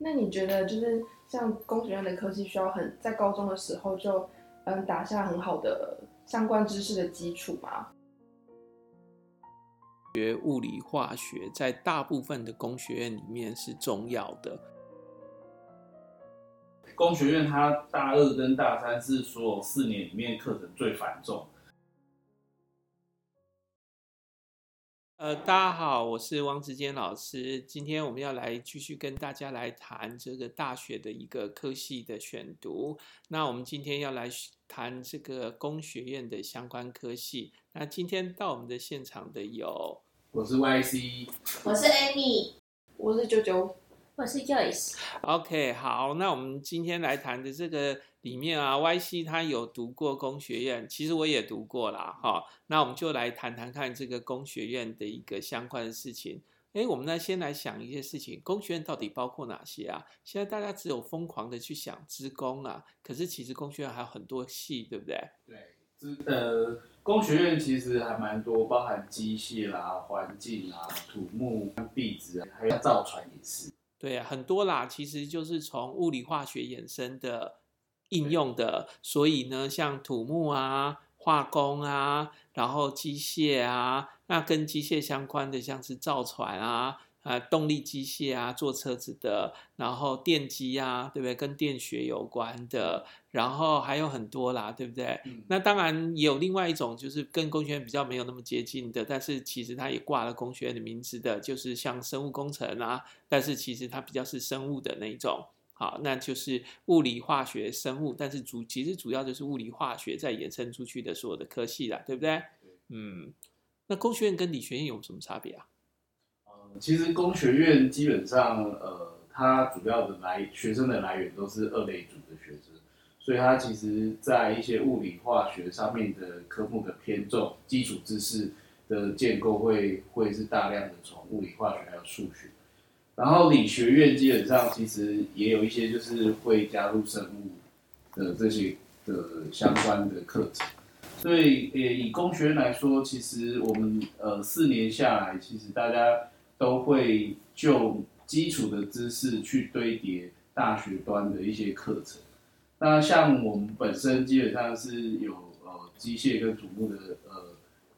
那你覺得就是像工學院的科系需要很在高中的時候就，嗯，打下很好的相關知識的基礎嗎？學物理化學在大部分的工學院裡面是重要的。工學院它大二跟大三是所有四年裡面課程最繁重。呃，大家好，我是汪志堅老師。今天我們要來繼續跟大家來談這個大學的一個科系的選讀。那我們今天要來談這個工學院的相關科系。那今天到我們的現場的有，我是 YC，我是 Amy，我是九九。我是 Joyce。OK，好，那我們今天來談的這個裡面啊，Y C 他有讀過工學院，其實我也讀過啦。哈、哦。那我們就來談談看這個工學院的一個相關的事情。哎，我們呢先來想一些事情，工學院到底包括哪些啊？現在大家只有瘋狂的去想資工啊，可是其實工學院還有很多系，對不對？對，呃，工學院其實還蠻多，包含機械啦、環境啦、土木、地質啊，還有造船也是。對，很多啦，其實就是從物理化學衍生的應用的，對所以呢，像土木啊、化工啊，然後機械啊，那跟機械相關的，像是造船啊。啊，動力機械啊，做車子的，然後電機啊，對不對？跟電學有關的，然後還有很多啦，對不對？嗯，那當然也有另外一種，就是跟工學院比較沒有那麼接近的，但是其實它也掛了工學院的名字的，就是像生物工程啊，但是其實它比較是生物的那一種，好，那就是物理、化學、生物，但是主其實主要就是物理、化學再延伸出去的所有的科系啦，對不對？嗯，那工學院跟理學院有什麼差別啊？其實工學院基本上，呃，它主要的來學生的來源都是二類組的學生，所以他其實，在一些物理化學上面的科目的偏重、基礎知識的建構會會是大量的從物理化學還有數學。然後理學院基本上其實也有一些就是會加入生物的這些的相關的課程。所以，以工學院來說，其實我們呃四年下來，其實大家。都會就基礎的知識去堆疊大學端的一些課程。那像我們本身基本上是有呃機械跟土木的呃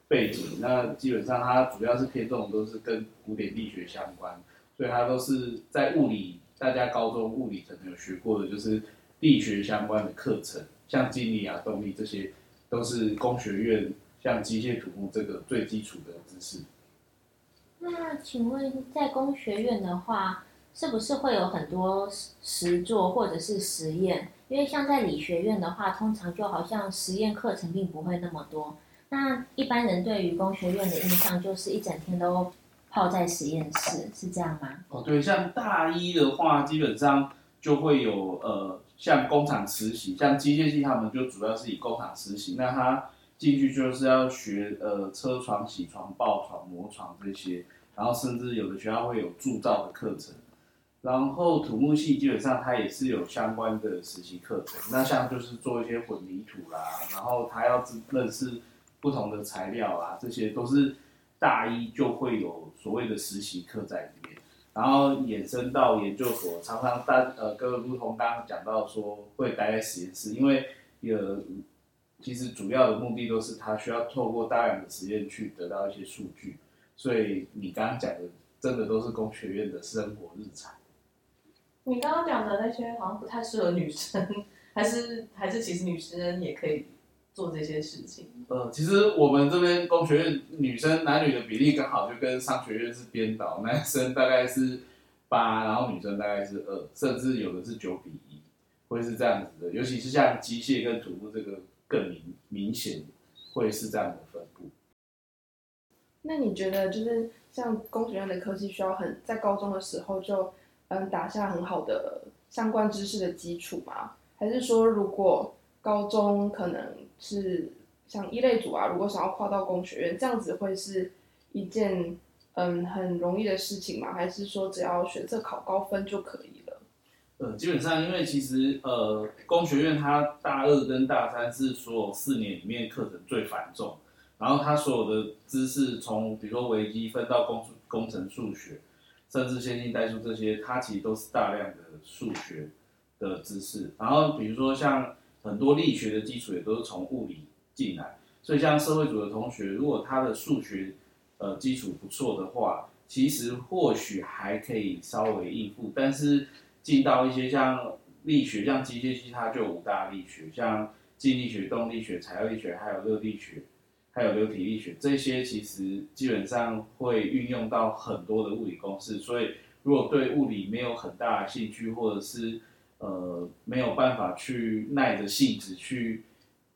背景，那基本上它主要是偏重都是跟古典力學相關，所以它都是在物理，大家高中物理可能有學過的，就是力學相關的課程，像靜力啊、動力這些，都是工學院像機械、土木這個最基礎的知識。那請問，在工學院的話，是不是會有很多實作或者是實驗？因為像在理學院的話，通常就好像實驗課程並不會那麼多。那一般人對於工學院的印象就是一整天都泡在實驗室，是這樣嗎？哦，對，像大一的話，基本上就會有呃，像工廠實習，像機械系他們就主要是以工廠實習。那他進去就是要學呃車床、銑床、刨床、磨床這些，然後甚至有的學校會有鑄造的課程。然後土木系基本上它也是有相關的實習課程，那像就是做一些混凝土啦，然後他要認識不同的材料啊，這些都是大一就會有所謂的實習課在裡面，然後衍生到研究所，常常大，呃，跟如同剛剛講到說會待在實驗室，因為有。呃其實主要的目的都是，他需要透過大量的實驗去得到一些數據，所以你剛剛講的，真的都是工學院的生活日常。你剛剛講的那些好像不太適合女生，還是還是其實女生也可以做這些事情。呃，其實我們這邊工學院女生男女的比例剛好就跟商學院是顛倒，男生大概是八，然後女生大概是二，甚至有的是九比一，會是這樣子的。尤其是像機械跟土木這個。更明明顯會是這樣的分布。那你覺得就是像工學院的科系需要很在高中的時候就嗯打下很好的相關知識的基礎嗎？還是說如果高中可能是像一類組啊，如果想要跨到工學院，這樣子會是一件嗯很容易的事情嗎？還是說只要學測考高分就可以？呃，基本上，因為其實呃，工學院它大二跟大三是所有四年裡面課程最繁重，然後它所有的知識從比如說微積分到工工程數學，甚至線性代數這些，它其實都是大量的數學的知識。然後比如說像很多力學的基礎也都是從物理進來，所以像社會組的同學，如果他的數學呃基礎不錯的話，其實或許還可以稍微應付，但是。進到一些像力學、像機械系，它就有五大力學，像靜力學、動力學、材料力學、還有熱力學、還有流體力學。這些其實基本上會運用到很多的物理公式，所以如果對物理沒有很大的興趣，或者是呃沒有辦法去耐着性子去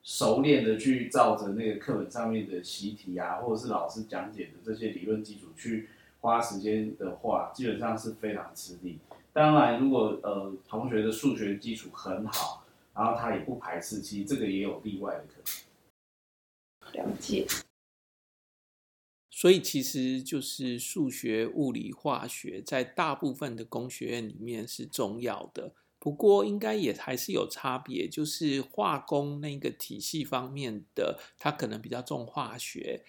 熟練的去照着那個課本上面的習題啊，或者是老師講解的這些理論基礎去花時間的話，基本上是非常吃力。當然，如果呃同學的數學基礎很好，然後他也不排斥，其實這個也有例外的可能。了解。所以其實就是數學、物理、化學在大部分的工學院裡面是重要的，不過應該也還是有差別，就是化工那個體系方面的，它可能比較重化學。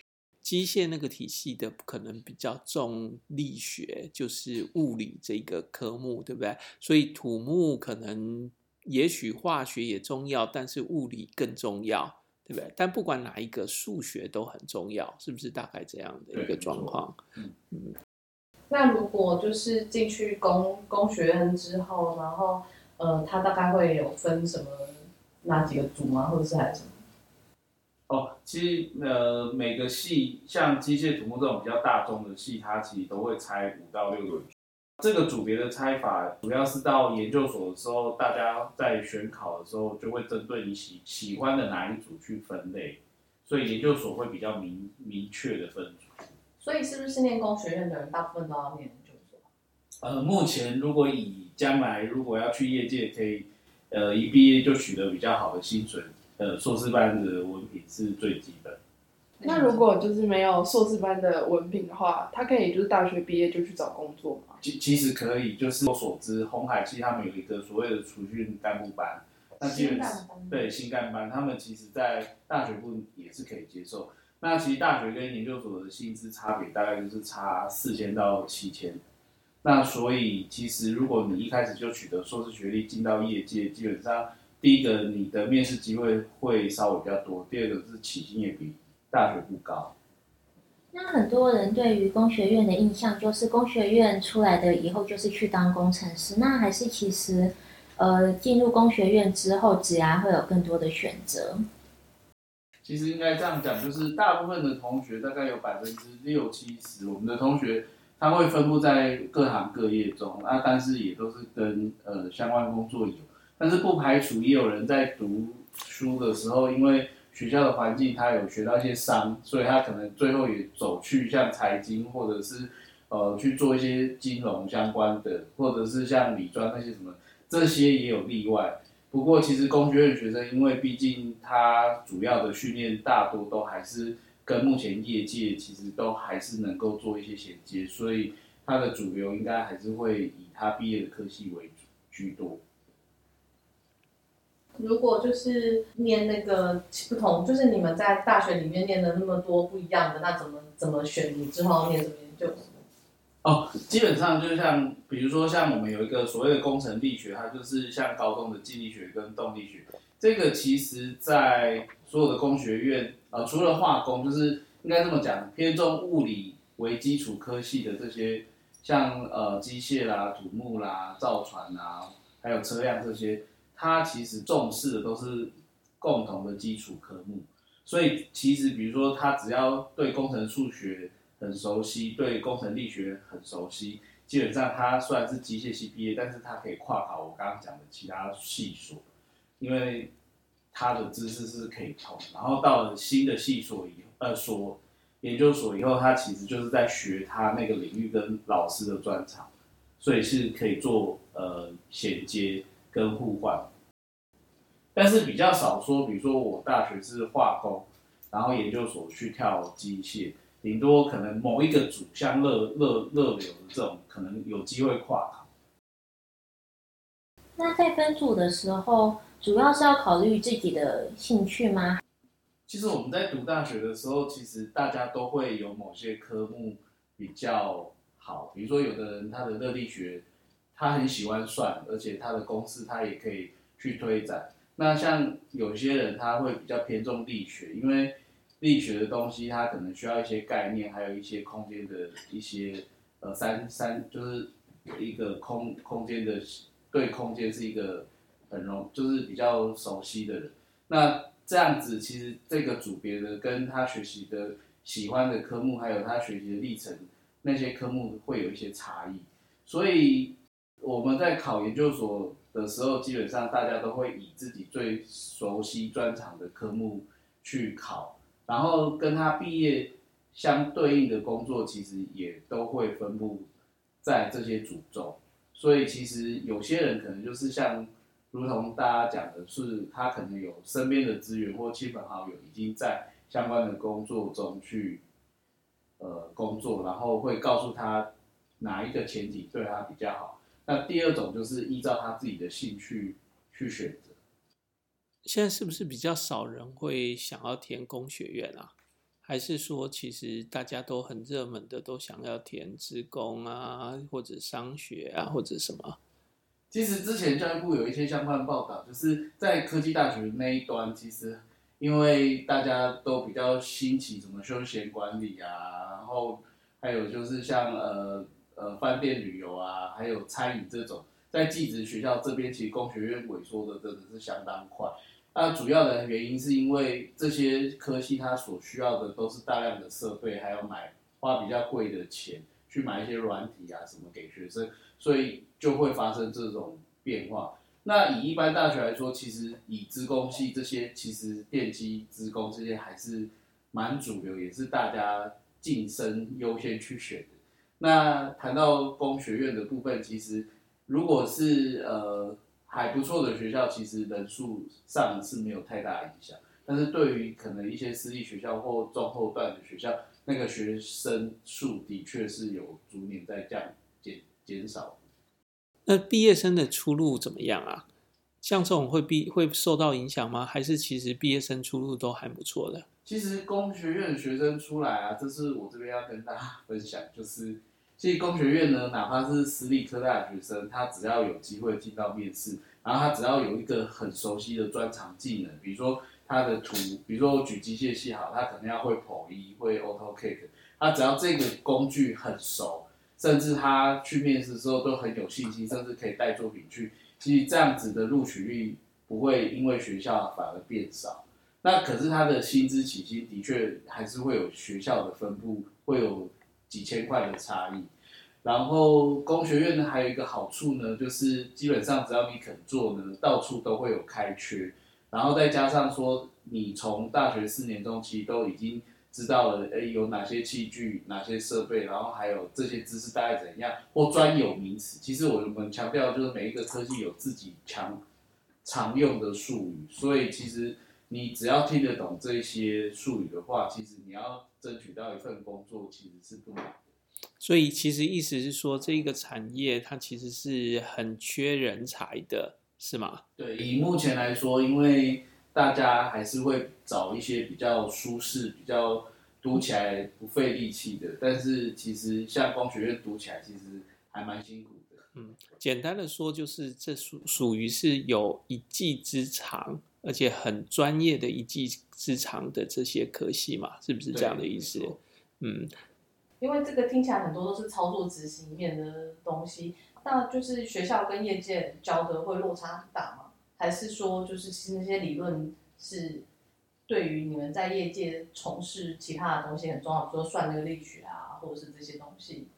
機械那個體系的可能比較重力學，就是物理這個科目，對不對？所以土木可能，也許化學也重要，但是物理更重要，對不對？但不管哪一個，數學都很重要，是不是？大概這樣的一個狀況。嗯。那如果就是進去工工學院之後，然後呃，他大概會有分什麼哪幾個組嗎？或者是還有什麼？哦，其實呃，每個系像機械、土木這種比較大眾的系，它其實都會拆五到六個。這個組別的拆法，主要是到研究所的時候，大家在選考的時候，就會針對你喜喜歡的哪一組去分類。所以研究所會比較明明確的分組。所以是不是念工學院的人，大部分都要念研究所？呃，目前如果以將來如果要去業界 K，呃，可以呃一畢業就取得比較好的薪水。呃，碩士班的文憑是最基本。那如果就是沒有碩士班的文憑的話，他可以就是大學畢業就去找工作嗎？其其實可以，就是我所知，鴻海其實他們有一個所謂的儲訓幹部班，那基本上，新幹部？對，新幹部班，他們其實在大學部也是可以接受。那其實大學跟研究所的薪資差別大概就是差四千到七千。那所以其實如果你一開始就取得碩士學歷進到業界，基本上。第一個，你的面試機會會稍微比較多，第二個是起薪也比大學部高。那很多人對於工學院的印象就是，工學院出來的以後就是去當工程師。那還是其實，呃，進入工學院之後，職涯會有更多的選擇。其實應該這樣講，就是大部分的同學大概有百分之六七十，我們的同學他會分布在各行各業中那，啊，但是也都是跟呃相關工作有。但是不排除也有人在讀書的時候，因為學校的環境，他有學到一些商，所以他可能最後也走去像財經，或者是呃去做一些金融相關的，或者是像理專那些什麼，這些也有例外。不過，其實工學院學生，因為畢竟他主要的訓練大多都還是跟目前業界其實都還是能夠做一些銜接，所以他的主流應該還是會以他畢業的科系為主居多。如果就是念那個不同，就是你們在大學裡面念的那麼多不一樣的，那怎麼怎麼選你之後念什麼研究？哦，基本上就像比如說像我們有一個所謂的工程力學，它就是像高中的靜力學跟動力學。這個其實，在所有的工學院啊，呃，除了化工，就是應該這麼講，偏重物理為基礎科系的這些，像呃機械啦、土木啦、造船啊，還有車輛這些。他其實重視的都是共同的基礎科目，所以其實比如說他只要對工程數學很熟悉，對工程力學很熟悉，基本上他雖然是機械系畢業，但是他可以跨考我剛剛講的其他系所，因為他的知識是可以通。然後到了新的系所以呃所研究所以後，他其實就是在學他那個領域跟老師的專長，所以是可以做呃銜接。跟互換，但是比較少說。比如說，我大學是化工，然後研究所去跳機械，頂多可能某一個組像熱熱熱流的這種，可能有機會跨考。那在分組的時候，主要是要考慮自己的興趣嗎？其實我們在讀大學的時候，其實大家都會有某些科目比較好。比如說，有的人他的熱力學。他很喜歡算，而且他的公式他也可以去推展。那像有些人他會比較偏重力學，因為力學的東西他可能需要一些概念，還有一些空間的一些呃三三，就是一個空空間的對空間是一個很容，就是比較熟悉的人。那這樣子其實這個組別呢，跟他學習的喜歡的科目，還有他學習的歷程那些科目會有一些差異，所以。我們在考研究所的時候，基本上大家都會以自己最熟悉專長的科目去考，然後跟他畢業相對應的工作，其實也都會分布在這些組中。所以，其實有些人可能就是像，如同大家講的，是他可能有身邊的資源或親朋好友已經在相關的工作中去呃工作，然後會告訴他哪一個前景對他比較好。那第二種就是依照他自己的興趣去選擇。現在是不是比較少人會想要填工學院啊？還是說其實大家都很熱門的都想要填資工啊，或者商學啊，或者什麼？其實之前教育部有一些相關報道，就是在科技大學那一端，其實因為大家都比較新奇，什麼休閒管理啊，然後還有就是像呃。呃，飯店旅遊啊，還有餐飲這種，在技職學校這邊，其實工學院萎縮的真的是相當快。那主要的原因是因為這些科系它所需要的都是大量的設備，還有買花比較貴的錢去買一些軟體啊什麼給學生，所以就會發生這種變化。那以一般大學來說，其實以資工系這些，其實電機資工這些還是蠻主流，也是大家晉升優先去選的。那談到工學院的部分，其實如果是呃還不錯的學校，其實人數上是沒有太大影響。但是對於可能一些私立學校或中後段的學校，那個學生數的確是有逐年在降減減少。那畢業生的出路怎麼樣啊？像這種會必會受到影響嗎？還是其實畢業生出路都還不錯的？其實工學院的學生出來啊，這是我這邊要跟大家分享，就是其實工學院呢，哪怕是私立科大的學生，他只要有機會進到面試，然後他只要有一個很熟悉的專長技能，比如說他的圖，比如說我舉機械系好，他可能要會跑一，會 AutoCAD，他只要這個工具很熟，甚至他去面試的時候都很有信心，甚至可以帶作品去，其實這樣子的錄取率不會因為學校反而變少。那可是它的薪資起薪的確還是會有學校的分布，會有幾千塊的差異。然後工學院還有一個好處呢，就是基本上只要你肯做呢，到處都會有開缺。然後再加上說，你從大學四年中期都已經知道了，哎、欸，有哪些器具、哪些設備，然後還有這些知識大概怎樣，或專有名詞。其實我們強調就是每一個科技有自己強常用的術語，所以其實。你只要聽得懂這些術語的話，其實你要爭取到一份工作，其實是不難的。所以，其實意思是說，這個產業它其實是很缺人才的，是嗎？對，以目前來說，因為大家還是會找一些比較舒適、比較讀起來不費力氣的，但是其實像工學院讀起來，其實還蠻辛苦的。嗯，簡單的說，就是這屬屬於是有一技之長，而且很專業的一技之長的這些科系嘛，是不是這樣的意思？對嗯，因為這個聽起來很多都是操作執行面的東西，那就是學校跟業界教的會落差很大嗎？還是說就是其實那些理論是對於你們在業界從事其他的東西很重要？比如說算那個力學啊，或者是這些東西。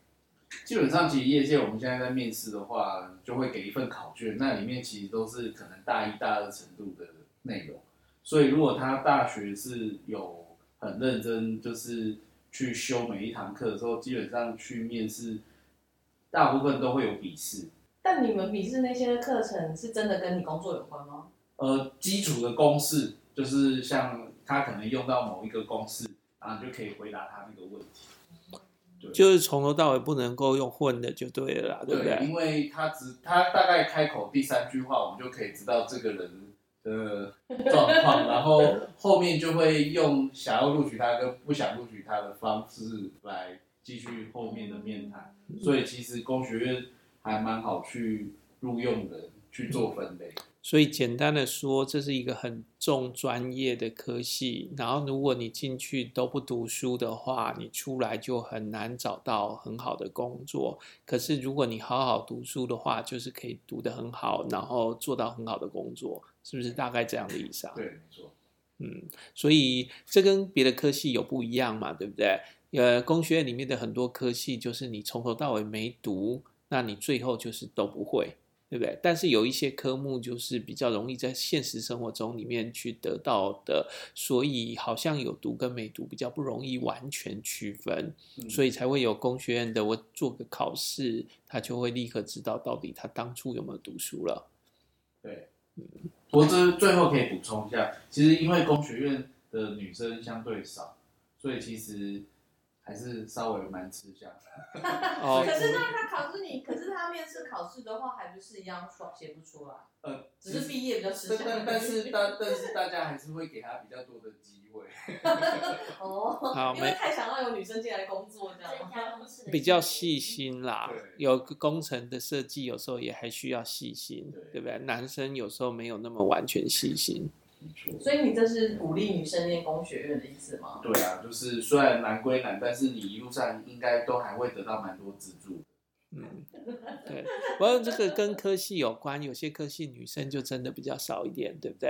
基本上，其實業界我們現在在面試的話，就會給一份考卷，那裡面其實都是可能大一大二程度的內容，所以如果他大學是有很認真，就是去修每一堂課的時候，基本上去面試，大部分都會有筆試。但你們筆試那些課程是真的跟你工作有關嗎？呃，基礎的公式就是像他可能用到某一個公式，然後你就可以回答他那個問題。對，就是從頭到尾不能夠用混的就對了啦，對不對？對吧？因為他只他大概開口第三句話，我們就可以知道這個人，呃，狀況，然後後面就會用想要錄取他跟不想錄取他的方式來繼續後面的面談，所以其實工學院還蠻好去錄用的去做分類。所以簡單的說，這是一個很重專業的科系，然後如果你進去都不讀書的話，你出來就很難找到很好的工作。可是如果你好好讀書的話，就是可以讀得很好，然後做到很好的工作。是不是大概這樣的意思啊？對，沒錯。嗯，所以這跟別的科系有不一樣嘛，對不對？呃，工學院裡面的很多科系，就是你從頭到尾沒讀，那你最後就是都不會，對不對？但是有一些科目就是比較容易在現實生活中裡面去得到的，所以好像有讀跟沒讀比較不容易完全區分，嗯、所以才會有工學院的我做個考試，他就會立刻知道到底他當初有沒有讀書了。對，嗯。我這最後可以補充一下，其實因為工學院的女生相對少，所以其實。還是稍微蠻吃香，oh, 可是呢，他考試你，可是他面試考試的話，還不是一樣寫不出來？嗯、只是畢業比較吃香。但是但，但是大家還是會給他比較多的機會。哦 ，oh, 因為太想要有女生進來工作，這樣比較細心啦，對有個工程的設計，有時候也還需要細心，對，對不對？男生有時候沒有那麼完全細心。所以你這是鼓勵女生念工學院的意思嗎？對啊，就是雖然難歸難，但是你一路上應該都還會得到蠻多資助。嗯，對，不過這個跟科系有關，有些科系女生就真的比較少一點，對不對？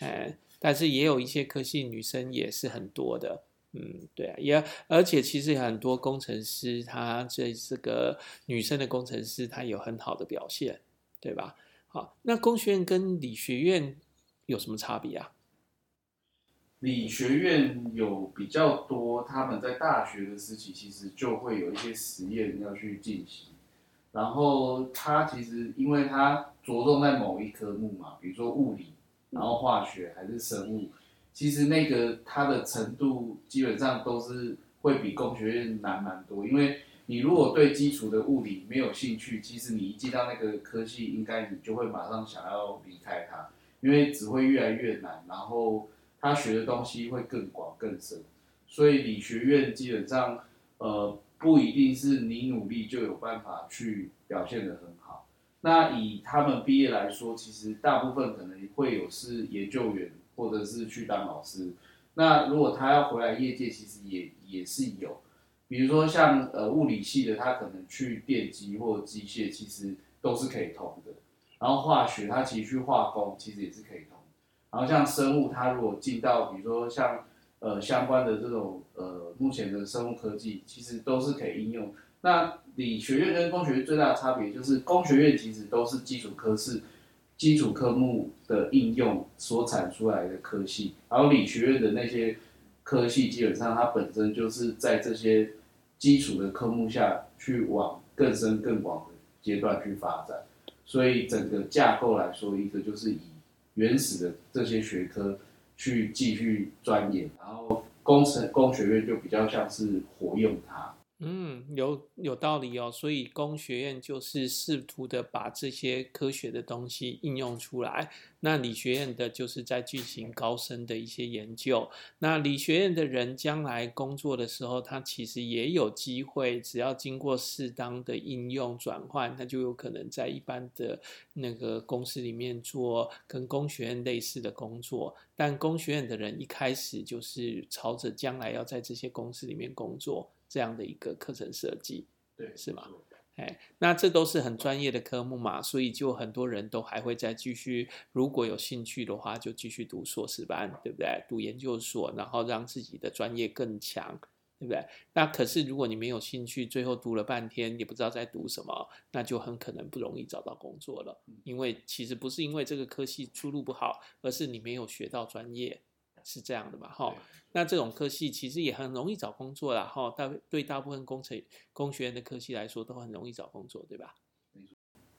哎、嗯，但是也有一些科系女生也是很多的。嗯，對啊，也而且其實很多工程師她，他這這個女生的工程師，她有很好的表現，對吧？好，那工學院跟理學院。有什麼差別啊？理學院有比較多，他們在大學的時期其實就會有一些實驗要去進行。然後他其實，因為他着重在某一科目嘛，比如說物理，然後化學還是生物，嗯、其實那個他的程度基本上都是會比工學院難蠻多。因為你如果對基礎的物理沒有興趣，其實你一進到那個科系，應該你就會馬上想要離開它。因為只會越來越難，然後他學的東西會更廣更深，所以理學院基本上，呃，不一定是你努力就有辦法去表現得很好。那以他們畢業來說，其實大部分可能會有是研究員，或者是去當老師。那如果他要回來業界，其實也也是有，比如說像呃物理系的，他可能去電機或機械，其實都是可以通的。然後化學，它其實去化工其實也是可以通。然後像生物，它如果進到，比如說像呃相關的這種呃目前的生物科技，其實都是可以應用。那理學院跟工學院最大的差別就是，工學院其實都是基礎科系，基礎科目的應用所產出來的科系。然後理學院的那些科系，基本上它本身就是在這些基礎的科目下去往更深更廣的階段去發展。所以整個架構來說，一個就是以原始的這些學科去繼續鑽研，然後工程工學院就比較像是活用它。嗯，有有道理哦。所以工學院就是試圖的把這些科學的東西應用出來，那理學院的就是在進行高深的一些研究。那理學院的人將來工作的時候，他其實也有機會，只要經過適當的應用轉換，他就有可能在一般的那個公司裡面做跟工學院類似的工作。但工學院的人一開始就是朝着將來要在這些公司裡面工作。這樣的一個課程設計，對，是嗎？哎，那這都是很專業的科目嘛，所以就很多人都還會再繼續，如果有興趣的話，就繼續讀碩士班，對不對？讀研究所，然後讓自己的專業更強，對不對？那可是如果你沒有興趣，最後讀了半天也不知道在讀什麼，那就很可能不容易找到工作了，因為其實不是因為這個科系出路不好，而是你沒有學到專業。是這樣的吧？哈對、哦，那這種科系其實也很容易找工作啦。哈、哦，大對大部分工程、工學院的科系來說都很容易找工作，對吧？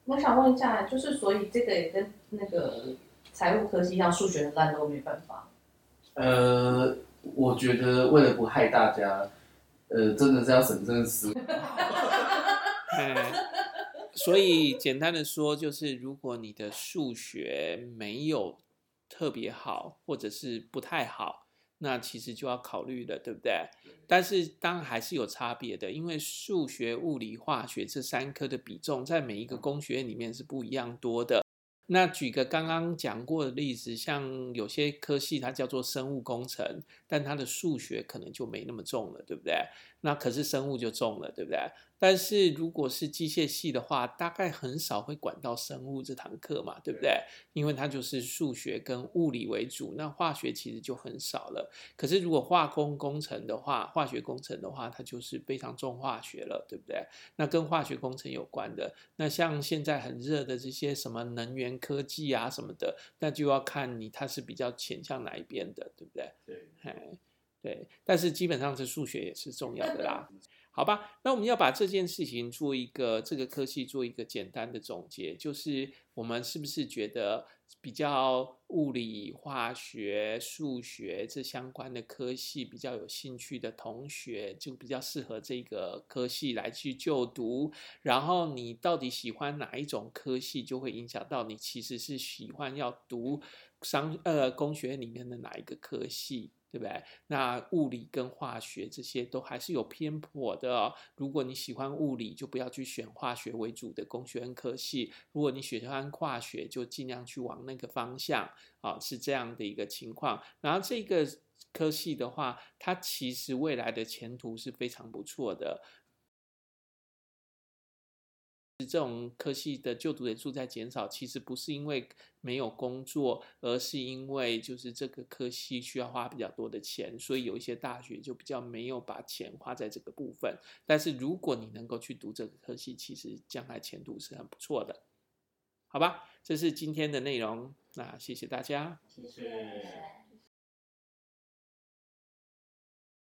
我想問一下，就是所以這個也跟那個財務科系，像數學的爛都沒辦法。呃，我覺得為了不害大家，呃，真的是要審慎思考。所以簡單的說，就是如果你的數學沒有。特別好，或者是不太好，那其實就要考慮了，對不對？但是當然還是有差別的，因為數學、物理、化學這三科的比重在每一個工學院裡面是不一樣多的。那舉個剛剛講過的例子，像有些科系它叫做生物工程，但它的數學可能就沒那麼重了，對不對？那可是生物就重了，對不對？但是如果是機械系的話，大概很少會管到生物這堂課嘛，對不對？因為它就是數學跟物理為主，那化學其實就很少了。可是如果化工工程的話，化學工程的話，它就是非常重化學了，對不對？那跟化學工程有關的，那像現在很熱的這些什麼能源科技啊什麼的，那就要看你它是比較傾向哪一邊的，對不對？對，哎，對。但是基本上是數學也是重要的啦。好吧，那我們要把這件事情做一個這個科系做一個簡單的總結，就是我們是不是覺得比較物理、化學、數學這相關的科系比較有興趣的同學，就比較適合這個科系來去就讀。然後你到底喜歡哪一種科系，就會影響到你其實是喜歡要讀商，呃，工學院裡面的哪一個科系，對不對？那物理跟化學這些都還是有偏頗的哦。如果你喜歡物理，就不要去選化學為主的工學跟科系；如果你喜歡化學，就盡量去往那個方向。啊、哦，是這樣的一個情況。然後這個科系的話，它其實未來的前途是非常不錯的。這種科系的就讀人數在減少，其實不是因為沒有工作，而是因為就是這個科系需要花比較多的錢，所以有一些大學就比較沒有把錢花在這個部分。但是如果你能夠去讀這個科系，其實將來前途是很不錯的，好吧？這是今天的內容，那謝謝大家，謝謝。